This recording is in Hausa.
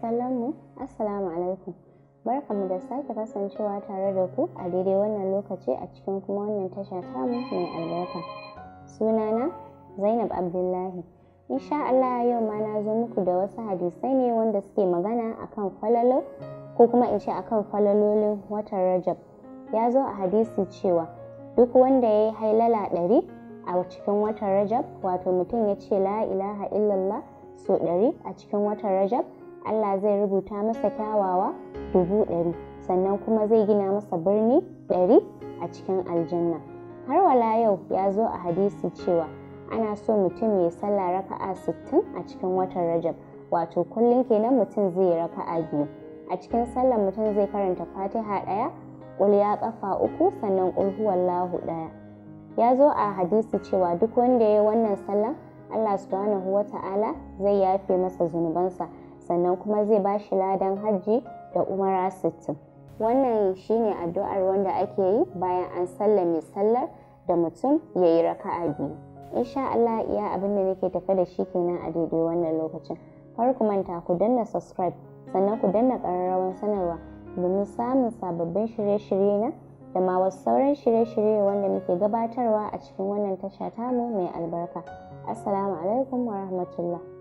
masu assalamu alaikum barkamu da sake kasancewa tare da ku a daidai wannan lokaci a cikin kuma wannan tasha tamu mai albarka sunana zainab abdullahi insha Allah yau ma na zo muku da wasu hadisai ne wanda suke magana akan falalo ko kuma in ce akan falalolin watan rajab ya zo a hadisi cewa duk wanda ya yi hailala ɗari a cikin watan rajab wato mutum ya ce la ilaha illallah so ɗari a cikin watan rajab Allah zai rubuta masa kyawawa dubu ɗari sannan kuma zai gina masa birni ɗari a cikin aljanna har wala yau ya zo a hadisi cewa ana so mutum ya sallah raka'a sittin a cikin watan rajab wato kullum kenan mutum zai yi raka'a biyu a cikin sallar mutum zai karanta fatiha ɗaya ƙul ya ƙafa uku sannan ƙul huwallahu ɗaya ya zo a hadisi cewa duk wanda ya yi wannan sallah Allah subhanahu wa ta'ala zai yafe masa zunubansa sannan kuma zai ba shi ladan hajji da umara sittin wannan shine addu'ar wanda ake yi bayan an sallame sallar da mutum ya yi raka'a biyu insha Allah iya abin da nake tafe da shi kenan a daidai wannan lokacin kar ku manta ku danna subscribe sannan ku danna ƙararrawar sanarwa domin samun sababbin shirye-shirye na da ma wasu sauran shirye-shirye wanda muke gabatarwa a cikin wannan tasha tamu mai albarka assalamu alaikum wa rahmatullah